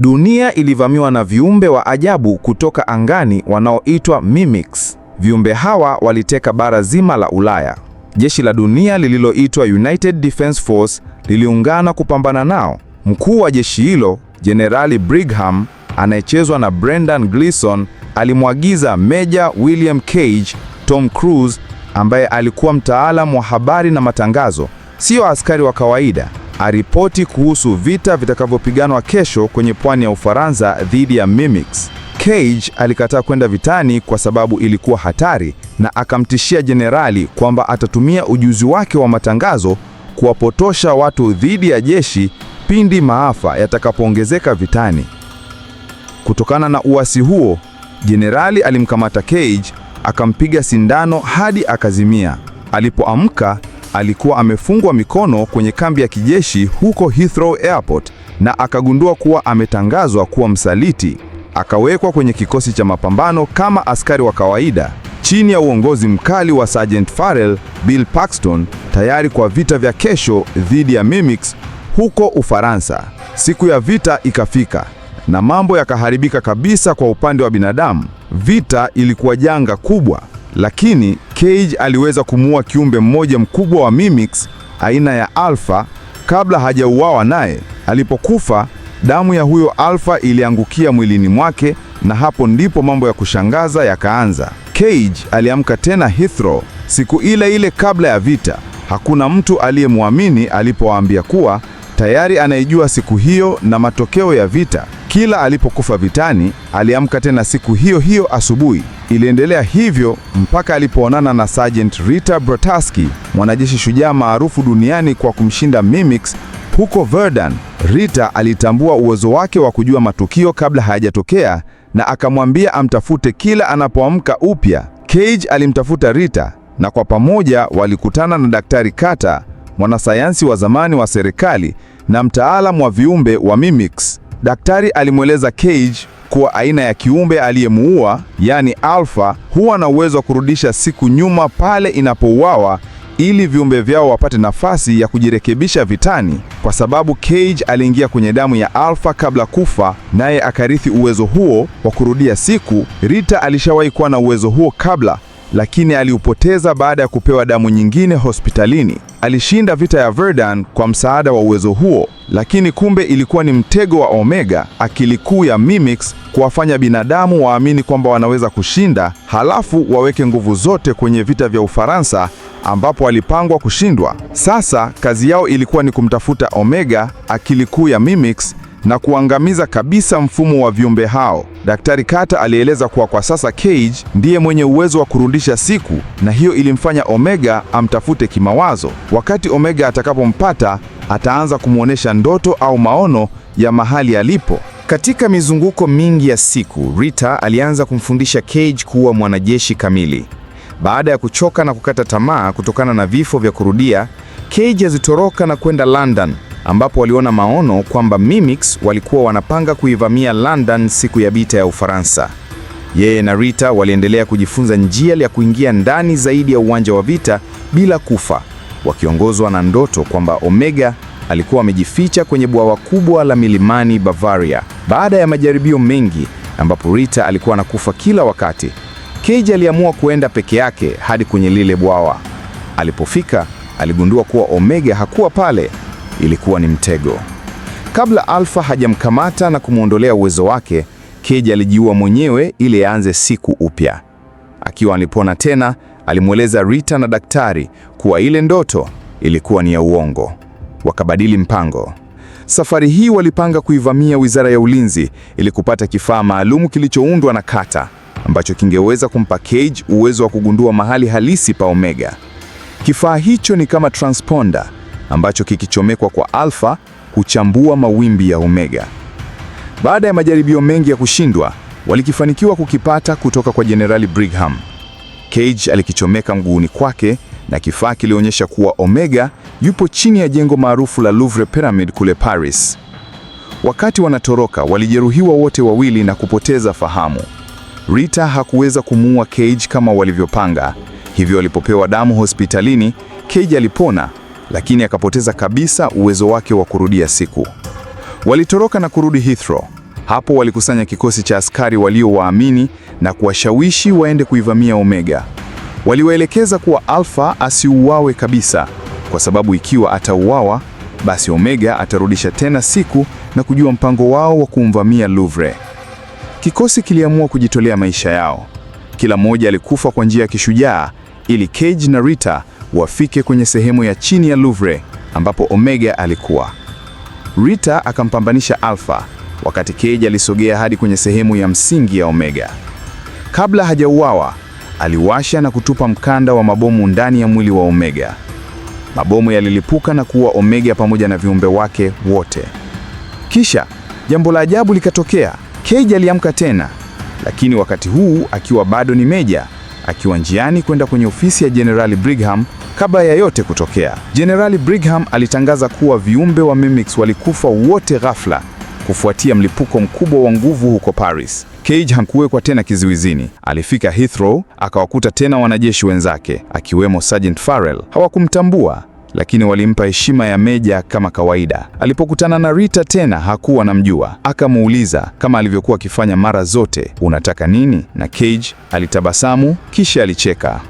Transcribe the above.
Dunia ilivamiwa na viumbe wa ajabu kutoka angani wanaoitwa mimics. Viumbe hawa waliteka bara zima la Ulaya. Jeshi la dunia lililoitwa United Defense Force liliungana kupambana nao. Mkuu wa jeshi hilo, Jenerali Brigham anayechezwa na Brendan Gleeson, alimwagiza Meja William Cage Tom Cruise ambaye alikuwa mtaalamu wa habari na matangazo, sio askari wa kawaida, aripoti kuhusu vita vitakavyopiganwa kesho kwenye pwani ya Ufaransa dhidi ya Mimics. Cage alikataa kwenda vitani kwa sababu ilikuwa hatari na akamtishia jenerali kwamba atatumia ujuzi wake wa matangazo kuwapotosha watu dhidi ya jeshi pindi maafa yatakapoongezeka vitani. Kutokana na uasi huo, jenerali alimkamata Cage akampiga sindano hadi akazimia. Alipoamka, alikuwa amefungwa mikono kwenye kambi ya kijeshi huko Heathrow Airport na akagundua kuwa ametangazwa kuwa msaliti. Akawekwa kwenye kikosi cha mapambano kama askari wa kawaida chini ya uongozi mkali wa Sergeant Farrell Bill Paxton, tayari kwa vita vya kesho dhidi ya Mimics huko Ufaransa. Siku ya vita ikafika na mambo yakaharibika kabisa kwa upande wa binadamu. Vita ilikuwa janga kubwa, lakini Cage aliweza kumuua kiumbe mmoja mkubwa wa Mimix aina ya Alpha kabla hajauawa naye. Alipokufa, damu ya huyo Alpha iliangukia mwilini mwake na hapo ndipo mambo ya kushangaza yakaanza. Cage aliamka tena Heathrow siku ile ile kabla ya vita. Hakuna mtu aliyemwamini alipowaambia kuwa tayari anaijua siku hiyo na matokeo ya vita. Kila alipokufa vitani, aliamka tena siku hiyo hiyo asubuhi. Iliendelea hivyo mpaka alipoonana na Sergeant Rita Brotaski, mwanajeshi shujaa maarufu duniani kwa kumshinda Mimix huko Verdun. Rita alitambua uwezo wake wa kujua matukio kabla hayajatokea na akamwambia amtafute kila anapoamka upya. Cage alimtafuta Rita na kwa pamoja walikutana na Daktari Carter, mwanasayansi wa zamani wa serikali na mtaalamu wa viumbe wa Mimics. Daktari alimweleza Cage kuwa aina ya kiumbe aliyemuua, yaani alfa, huwa na uwezo wa kurudisha siku nyuma pale inapouawa ili viumbe vyao wapate nafasi ya kujirekebisha vitani, kwa sababu Cage aliingia kwenye damu ya Alpha kabla kufa, naye akarithi uwezo huo wa kurudia siku. Rita alishawahi kuwa na uwezo huo kabla, lakini aliupoteza baada ya kupewa damu nyingine hospitalini. Alishinda vita ya Verdun kwa msaada wa uwezo huo, lakini kumbe ilikuwa ni mtego wa Omega, akili kuu ya Mimix, kuwafanya binadamu waamini kwamba wanaweza kushinda, halafu waweke nguvu zote kwenye vita vya Ufaransa ambapo walipangwa kushindwa. Sasa kazi yao ilikuwa ni kumtafuta Omega, akili kuu ya Mimix, na kuangamiza kabisa mfumo wa viumbe hao. Daktari Carter alieleza kuwa kwa sasa Cage ndiye mwenye uwezo wa kurudisha siku, na hiyo ilimfanya Omega amtafute kimawazo. Wakati Omega atakapompata, ataanza kumwonyesha ndoto au maono ya mahali alipo. Katika mizunguko mingi ya siku, Rita alianza kumfundisha Cage kuwa mwanajeshi kamili. Baada ya kuchoka na kukata tamaa kutokana na vifo vya kurudia, Cage azitoroka na kwenda London ambapo waliona maono kwamba Mimix walikuwa wanapanga kuivamia London siku ya vita ya Ufaransa. Yeye na Rita waliendelea kujifunza njia ya kuingia ndani zaidi ya uwanja wa vita bila kufa, wakiongozwa na ndoto kwamba Omega alikuwa amejificha kwenye bwawa kubwa la milimani Bavaria. Baada ya majaribio mengi ambapo Rita alikuwa anakufa kila wakati, Cage aliamua kuenda peke yake hadi kwenye lile bwawa. Alipofika, aligundua kuwa Omega hakuwa pale ilikuwa ni mtego. Kabla Alpha hajamkamata na kumwondolea uwezo wake, Cage alijiua mwenyewe ili aanze siku upya. Akiwa alipona tena, alimweleza Rita na daktari kuwa ile ndoto ilikuwa ni ya uongo. Wakabadili mpango. Safari hii walipanga kuivamia Wizara ya Ulinzi ili kupata kifaa maalumu kilichoundwa na kata ambacho kingeweza kumpa Cage uwezo wa kugundua mahali halisi pa Omega. Kifaa hicho ni kama transponder ambacho kikichomekwa kwa alfa huchambua mawimbi ya omega. Baada ya majaribio mengi ya kushindwa, walikifanikiwa kukipata kutoka kwa Jenerali Brigham. Cage alikichomeka mguuni kwake na kifaa kilionyesha kuwa omega yupo chini ya jengo maarufu la Louvre Pyramid kule Paris. Wakati wanatoroka, walijeruhiwa wote wawili na kupoteza fahamu. Rita hakuweza kumuua Cage kama walivyopanga. Hivyo alipopewa damu hospitalini, Cage alipona lakini akapoteza kabisa uwezo wake wa kurudia siku. Walitoroka na kurudi Heathrow. Hapo walikusanya kikosi cha askari waliowaamini na kuwashawishi waende kuivamia Omega. Waliwaelekeza kuwa Alpha asiuawe kabisa, kwa sababu ikiwa atauawa basi Omega atarudisha tena siku na kujua mpango wao wa kumvamia Louvre. Kikosi kiliamua kujitolea maisha yao. Kila mmoja alikufa kwa njia ya kishujaa ili Cage na Rita wafike kwenye sehemu ya chini ya Louvre ambapo Omega alikuwa. Rita akampambanisha Alpha, wakati Cage alisogea hadi kwenye sehemu ya msingi ya Omega. Kabla hajauawa, aliwasha na kutupa mkanda wa mabomu ndani ya mwili wa Omega. Mabomu yalilipuka na kuua Omega pamoja na viumbe wake wote. Kisha jambo la ajabu likatokea. Cage aliamka tena, lakini wakati huu akiwa bado ni Meja akiwa njiani kwenda kwenye ofisi ya Jenerali Brigham. Kabla ya yote kutokea, Jenerali Brigham alitangaza kuwa viumbe wa Mimics walikufa wote ghafla kufuatia mlipuko mkubwa wa nguvu huko Paris. Cage hakuwekwa tena kizuizini. Alifika Heathrow akawakuta tena wanajeshi wenzake akiwemo Sergeant Farrell. Hawakumtambua lakini walimpa heshima ya meja kama kawaida. Alipokutana na Rita tena hakuwa anamjua, akamuuliza kama alivyokuwa akifanya mara zote, unataka nini? Na Cage alitabasamu kisha alicheka.